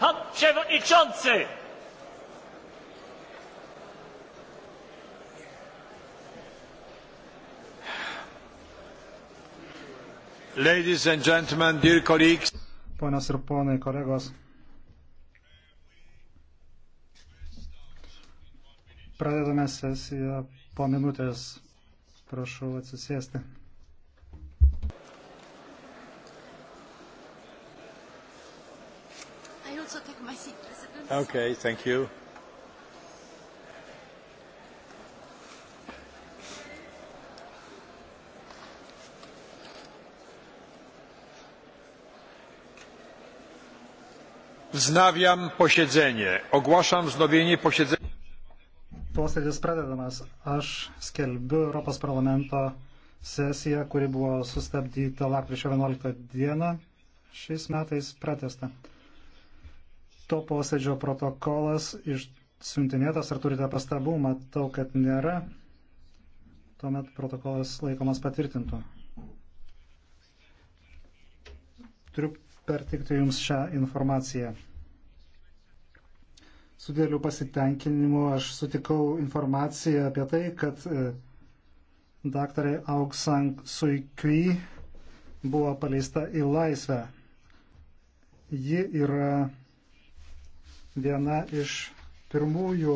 Pan Przewodniczący! Ladies and gentlemen, dear colleagues. Ponas ir ponai, kolegos. Pradedame sesiją po minutės. Prašau atsisėsti. also take my seat, President. Okay, thank you. Wznawiam posiedzenie. Ogłaszam wznowienie posiedzenia. Posėdis pradedamas. Aš skelbiu Europos parlamento sesiją, kuri buvo sustabdyta lakryčio 11 dieną, šiais metais pratesta to posėdžio protokolas išsiuntinėtas, ar turite pastabų, matau, kad nėra. Tuomet protokolas laikomas patvirtintų. Turiu pertikti Jums šią informaciją. Su dėliu pasitenkinimu aš sutikau informaciją apie tai, kad e, daktarė Auksang Suikui buvo paleista į laisvę. Ji yra viena iš pirmųjų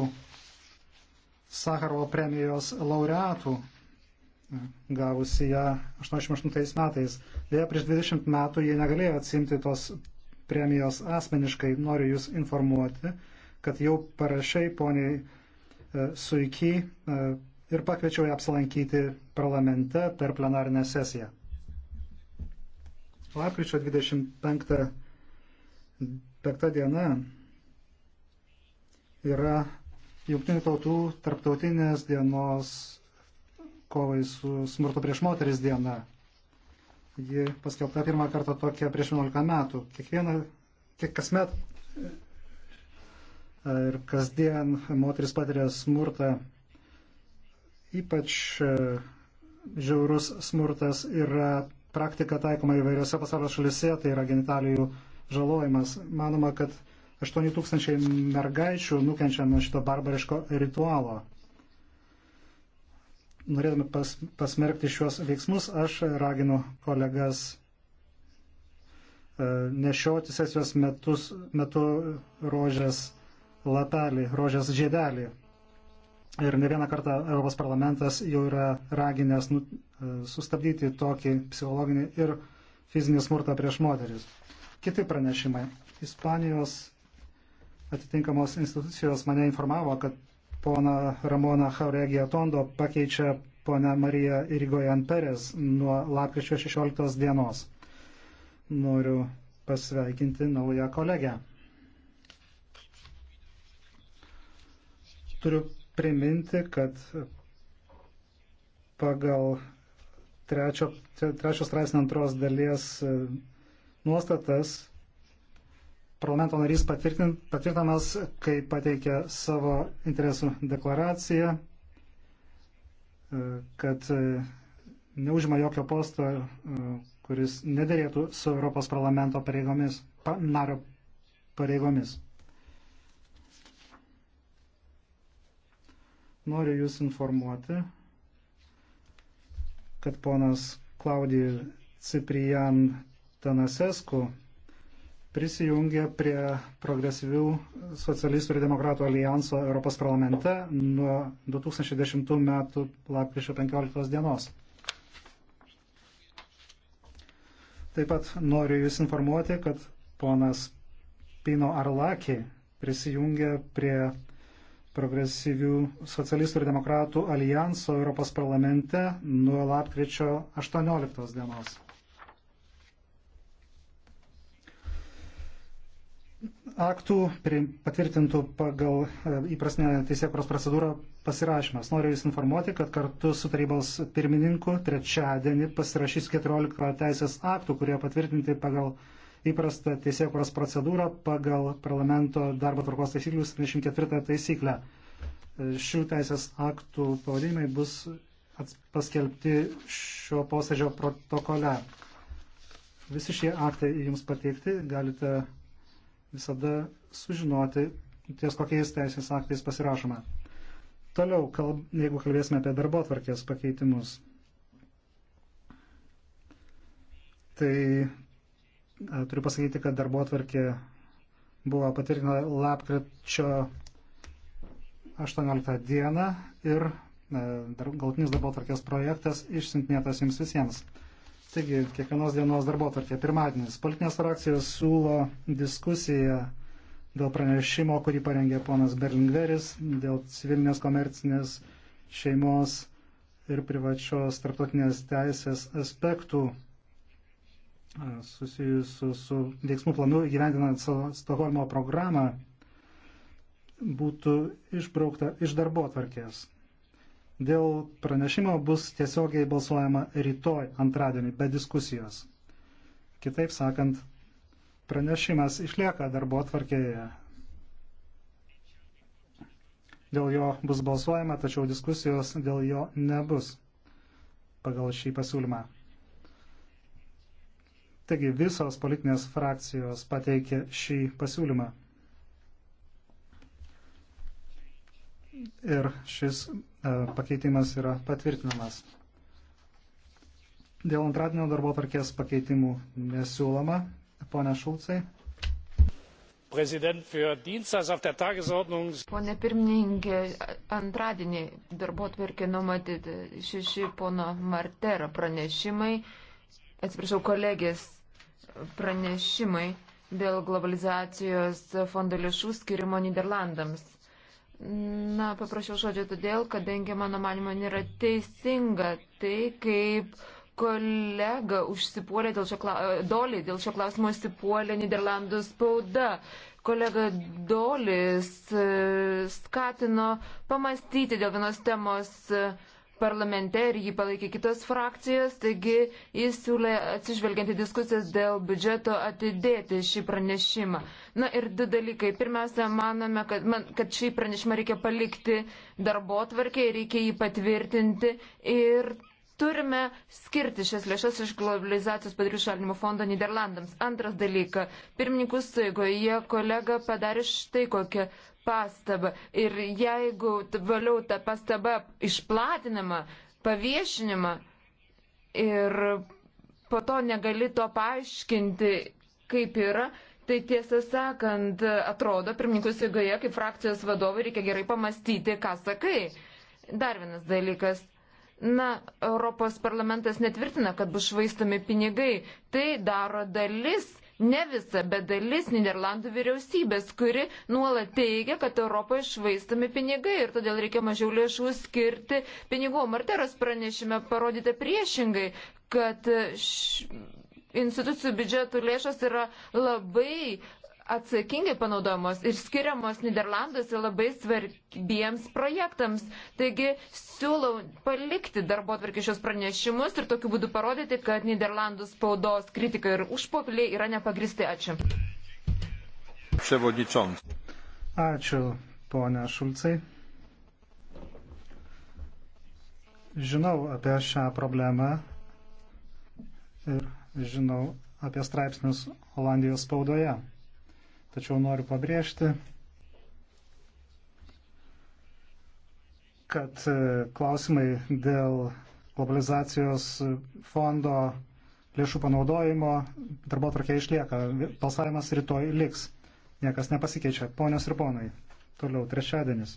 Sakarovo premijos laureatų, gavusi ją 88 metais. Dėja, prieš 20 metų jie negalėjo atsimti tos premijos asmeniškai. Noriu Jūs informuoti, kad jau parašiai poniai e, Suiky e, ir pakviečiau ją apsilankyti parlamente per plenarinę sesiją. Lapkričio 25 diena yra Junktinių tautų tarptautinės dienos kovai su smurto prieš moteris diena. Ji paskelbta pirmą kartą tokia prieš 11 metų. Kiekvieną, kiek kasmet e, ir kasdien moteris patiria smurtą. Ypač e, žiaurus smurtas yra praktika taikoma įvairiose pasaulio šalise, tai yra genitalijų žalojimas. Manoma, kad 8 tūkstančiai mergaičių nukenčia nuo šito barbariško ritualo. Norėdami pas, pasmerkti šiuos veiksmus, aš raginu kolegas e, nešioti sesijos metus, metu rožės lapelį, rožės žiedelį. Ir ne vieną kartą Europos parlamentas jau yra raginęs nu, e, sustabdyti tokį psichologinį ir fizinį smurtą prieš moteris. Kiti pranešimai. Ispanijos atitinkamos institucijos mane informavo, kad pona Ramona Jauregija Tondo pakeičia pona Marija Irigojan Perez nuo lapkričio 16 dienos. Noriu pasveikinti naują kolegę. Turiu priminti, kad pagal trečio, trečio straipsnio antros dalies nuostatas parlamento narys patvirtinamas, kai pateikė savo interesų deklaraciją, e, kad e, neužima jokio posto, e, kuris nedėrėtų su Europos parlamento pareigomis, pa, nario pareigomis. Noriu Jūs informuoti, kad ponas Klaudijus Ciprijan Tanasesku prisijungė prie progresyvių socialistų ir demokratų alijanso Europos parlamente nuo 2010 metų lapkričio 15 dienos. Taip pat noriu Jūs informuoti, kad ponas Pino Arlaki prisijungė prie progresyvių socialistų ir demokratų alijanso Europos parlamente nuo lapkričio 18 dienos. aktų patvirtintų pagal e, įprasnę teisėkuros procedūrą pasirašymas. Noriu Jūs informuoti, kad kartu su tarybos pirmininku trečiadienį pasirašys 14 teisės aktų, kurie patvirtinti pagal įprastą teisėkuros procedūrą pagal parlamento darbo tvarkos taisyklių 74 taisyklę. E, šių teisės aktų pavadinimai bus paskelbti šio posėdžio protokole. Visi šie aktai jums pateikti, galite visada sužinoti, ties kokiais teisės aktais pasirašoma. Toliau, kalb, jeigu kalbėsime apie darbo tvarkės pakeitimus, tai a, turiu pasakyti, kad darbo tvarkė buvo patvirtinta lapkričio 18 dieną ir galtinis darbo tvarkės projektas išsintinėtas jums visiems. Taigi, kiekvienos dienos darbo tarkė pirmadienis. Politinės frakcijos siūlo diskusiją dėl pranešimo, kurį parengė ponas Berlingveris, dėl civilinės komercinės šeimos ir privačios tarptautinės teisės aspektų susijusių su veiksmų planu gyvendinant Stokholmo programą būtų išbraukta iš darbo tvarkės. Dėl pranešimo bus tiesiogiai balsuojama rytoj antradienį be diskusijos. Kitaip sakant, pranešimas išlieka darbo atvarkėje. Dėl jo bus balsuojama, tačiau diskusijos dėl jo nebus pagal šį pasiūlymą. Taigi visos politinės frakcijos pateikė šį pasiūlymą. ir šis e, pakeitimas yra patvirtinamas. Dėl antradienio darbo tvarkės pakeitimų nesiūloma. Pone Šulcai. Pone pirmininkė, antradienį darbo tvarkė numatyti šeši pono Martero pranešimai, atsiprašau, kolegės pranešimai dėl globalizacijos fondo lėšų skirimo Niderlandams. Na, paprašiau žodžio todėl, kadangi mano manimo nėra teisinga tai, kaip kolega užsipuolė dėl šio, e, dolį, dėl šio klausimo užsipuolė Niderlandų spauda. Kolega Dolis e, skatino pamastyti dėl vienos temos e, parlamente ir jį palaikė kitos frakcijos, taigi jis siūlė atsižvelgianti diskusijas dėl biudžeto atidėti šį pranešimą. Na ir du dalykai. Pirmiausia, manome, kad, man, kad šį pranešimą reikia palikti darbo tvarkė, reikia jį patvirtinti ir turime skirti šias lėšas iš globalizacijos padarių šalinimo fondo Niderlandams. Antras dalykas. Pirmininkų suigoje kolega padarė štai kokią pastabą. Ir jeigu vėliau ta pastaba išplatinama, paviešinama ir po to negali to paaiškinti, kaip yra, tai tiesą sakant, atrodo, pirmininkus įgoje, kaip frakcijos vadovai, reikia gerai pamastyti, ką sakai. Dar vienas dalykas. Na, Europos parlamentas netvirtina, kad bus švaistami pinigai. Tai daro dalis ne visa, bet dalis Niderlandų vyriausybės, kuri nuolat teigia, kad Europoje švaistami pinigai ir todėl reikia mažiau lėšų skirti pinigų. Marteros pranešime parodyta priešingai, kad š... institucijų biudžetų lėšos yra labai atsakingai panaudojamos ir skiriamos Niderlanduose labai svarbiems projektams. Taigi siūlau palikti darbo atvarkį šios pranešimus ir tokiu būdu parodyti, kad Niderlandų spaudos kritika ir užpopuliai yra nepagristi. Ačiū. Ačiū, ponia Šulcai. Žinau apie šią problemą ir žinau apie straipsnius Olandijos spaudoje. Tačiau noriu pabrėžti, kad e, klausimai dėl globalizacijos fondo lėšų panaudojimo darbo tvarkė išlieka. Balsavimas rytoj liks. Niekas nepasikeičia. Ponios ir ponai. Toliau trečiadienis.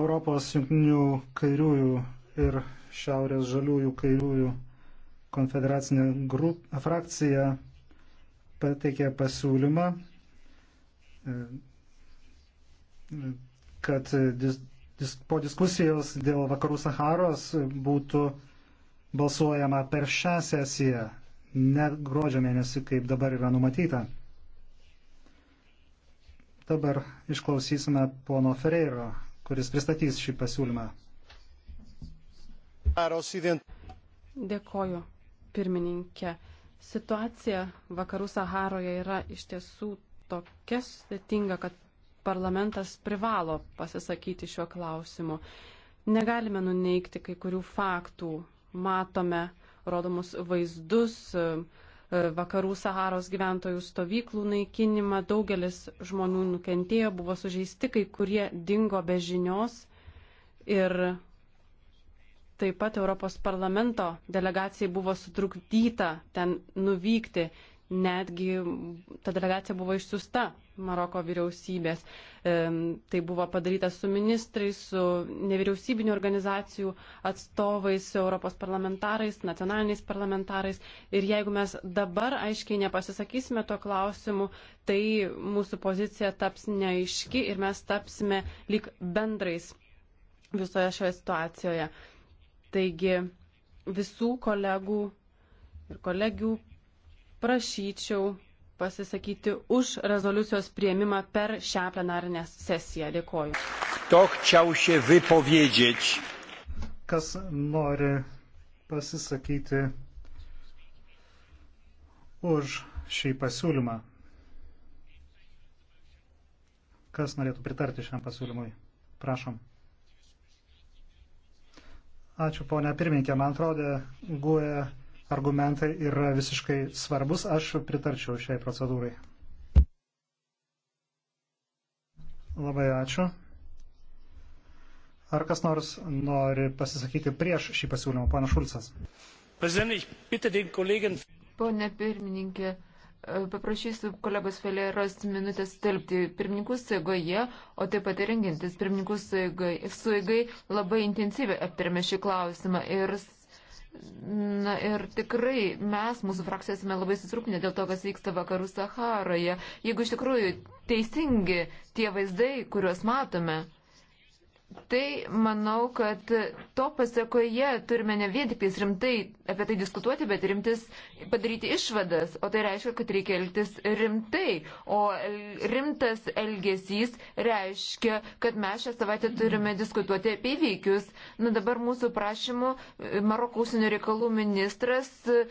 Europos jungtinių kairiųjų ir šiaurės žaliųjų kairiųjų konfederacinė grup, frakcija pateikė pasiūlymą, e, kad dis, dis, po diskusijos dėl vakarų Saharos būtų balsuojama per šią sesiją, ne gruodžio mėnesį, kaip dabar yra numatyta. Dabar išklausysime pono Ferreiro, kuris pristatys šį pasiūlymą. Dėkoju, pirmininkė. Situacija vakarų Saharoje yra iš tiesų tokia sudėtinga, kad parlamentas privalo pasisakyti šiuo klausimu. Negalime nuneikti kai kurių faktų. Matome rodomus vaizdus, e, e, vakarų Saharos gyventojų stovyklų naikinimą, daugelis žmonių nukentėjo, buvo sužeisti, kai kurie dingo be žinios ir Taip pat Europos parlamento delegacijai buvo sutrukdyta ten nuvykti, netgi ta delegacija buvo išsiusta Maroko vyriausybės. E, tai buvo padaryta su ministrais, su nevyriausybinio organizacijų atstovais, Europos parlamentarais, nacionaliniais parlamentarais. Ir jeigu mes dabar aiškiai nepasisakysime tuo klausimu, tai mūsų pozicija taps neaiški ir mes tapsime lik bendrais visoje šioje situacijoje. Taigi visų kolegų ir kolegių prašyčiau pasisakyti už rezoliucijos prieimimą per šią plenarinę sesiją. Dėkoju. To chciał się wypowiedzieć. Kas nori pasisakyti už šį pasiūlymą? Kas norėtų pritarti šiam pasiūlymui? Prašom. Ačiū, ponia pirmininkė. Man atrodo, guoja argumentai yra visiškai svarbus. Aš pritarčiau šiai procedūrai. Labai ačiū. Ar kas nors nori pasisakyti prieš šį pasiūlymą, pana Šulcas? Pone pirmininkė, Paprašysiu kolegos Felėros minutės telpti pirmininkų saigoje, o taip pat ir rengintis pirmininkų saigai. Suigai labai intensyviai aptarėme šį klausimą ir, na, ir tikrai mes, mūsų frakcija, esame labai susirūpinę dėl to, kas vyksta vakarų Saharoje. Jeigu iš tikrųjų teisingi tie vaizdai, kuriuos matome, tai manau, kad to pasakoje turime ne vien tik rimtai apie tai diskutuoti, bet rimtis padaryti išvadas. O tai reiškia, kad reikia elgtis rimtai. O rimtas elgesys reiškia, kad mes šią savaitę turime diskutuoti apie įvykius. Na dabar mūsų prašymu e, Maroko užsienio reikalų ministras e,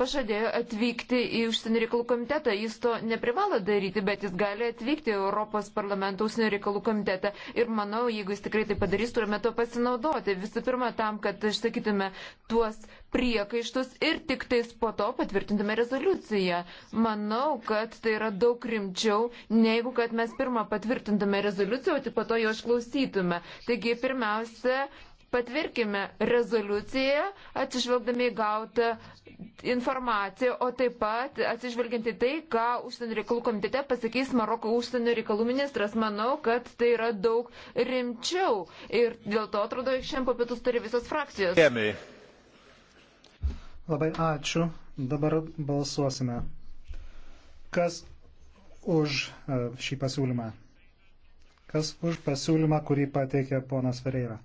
pažadėjo atvykti į užsienio reikalų komitetą. Jis to neprivalo daryti, bet jis gali atvykti į Europos parlamento užsienio reikalų komitetą. Ir manau, jeigu jis tik tikrai tai padarys, turime to pasinaudoti. Visų pirma, tam, kad išsakytume tuos priekaištus ir tik tais po to patvirtintume rezoliuciją. Manau, kad tai yra daug rimčiau, negu kad mes pirmą patvirtintume rezoliuciją, o tik po to jo išklausytume. Taigi, pirmiausia, patvirkime rezoliuciją, atsižvelgdami gautą informaciją, o taip pat atsižvelgiant į tai, ką užsienio reikalų komitete pasakys Maroko užsienio reikalų ministras. Manau, kad tai yra daug rimčiau ir dėl to atrodo, jog šiandien papietus turi visos frakcijos. Kėmiai. Labai ačiū. Dabar balsuosime. Kas už e, šį pasiūlymą? Kas už pasiūlymą, kurį pateikė ponas Vereira?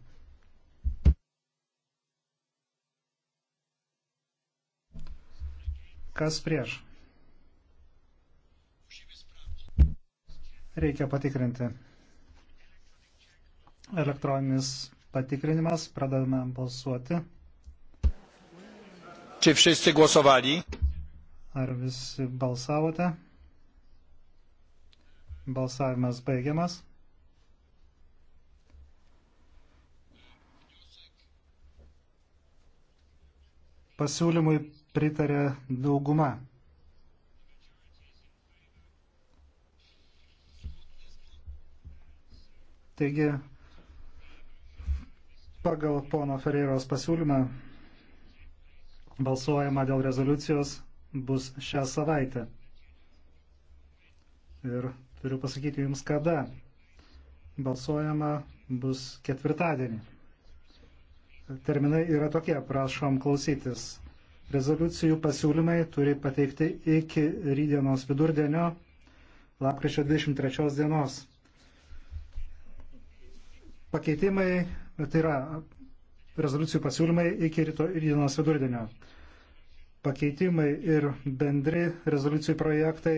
Kas prieš? Reikia patikrinti. Elektroninis patikrinimas. Pradedame balsuoti. Czy wszyscy głosowali? Ar visi balsavote? Balsavimas baigiamas. Pasiūlymui pritarė dauguma. Taigi, pagal pono Ferreiros pasiūlymą balsuojama dėl rezoliucijos bus šią savaitę. Ir turiu pasakyti jums, kada balsuojama bus ketvirtadienį. Terminai yra tokie, prašom klausytis. Rezoliucijų pasiūlymai turi pateikti iki rydienos vidurdienio, lapkričio 23 dienos. Pakeitimai, tai yra rezoliucijų pasiūlymai iki ryto, rydienos vidurdienio. Pakeitimai ir bendri rezoliucijų projektai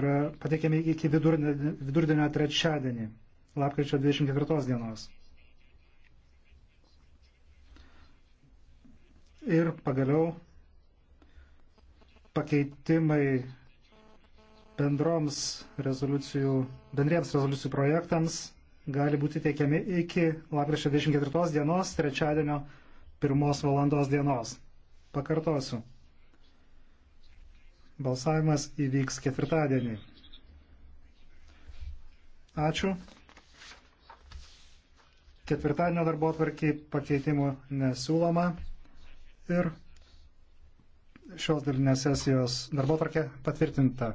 yra pateikiami iki vidurdienio, vidurdienio trečiadienį, lapkričio 24 dienos. Ir pagaliau pakeitimai bendroms rezoliucijų, bendriems rezoliucijų projektams gali būti teikiami iki lapkričio 24 dienos, trečiadienio 1 valandos dienos. Pakartosiu. Balsavimas įvyks ketvirtadienį. Ačiū. Ketvirtadienio darbo atvarkiai pakeitimų nesiūloma ir šios dalinės sesijos darbo tarkė patvirtinta.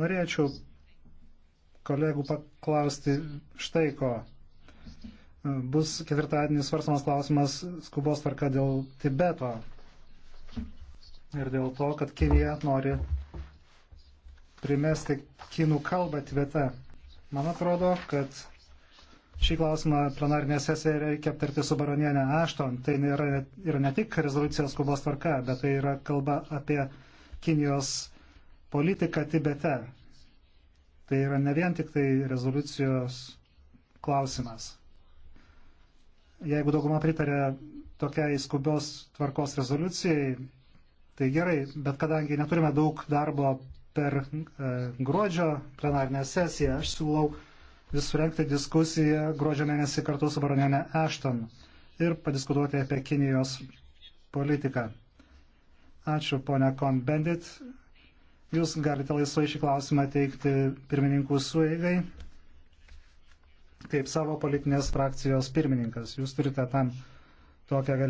Norėčiau kolegų paklausti štai ko. Bus ketvirtadienį svarstamas klausimas skubos tvarka dėl Tibeto ir dėl to, kad Kinija nori primesti kinų kalbą Tibete. Man atrodo, kad Šį klausimą plenarinė sesija reikia aptarti su baronienė Ašton. Tai nėra, yra ne tik rezoliucijos skubos tvarka, bet tai yra kalba apie Kinijos politiką Tibete. Tai yra ne vien tik tai rezoliucijos klausimas. Jeigu dauguma pritarė tokiai skubios tvarkos rezoliucijai, tai gerai, bet kadangi neturime daug darbo per e, gruodžio plenarinę sesiją, aš siūlau vis surenkti diskusiją gruodžio mėnesį kartu su baronienė Ashton ir padiskutuoti apie Kinijos politiką. Ačiū, ponia Konbendit. Jūs galite laisvai šį klausimą teikti pirmininkų sueigai kaip savo politinės frakcijos pirmininkas. Jūs turite tam tokią galimybę.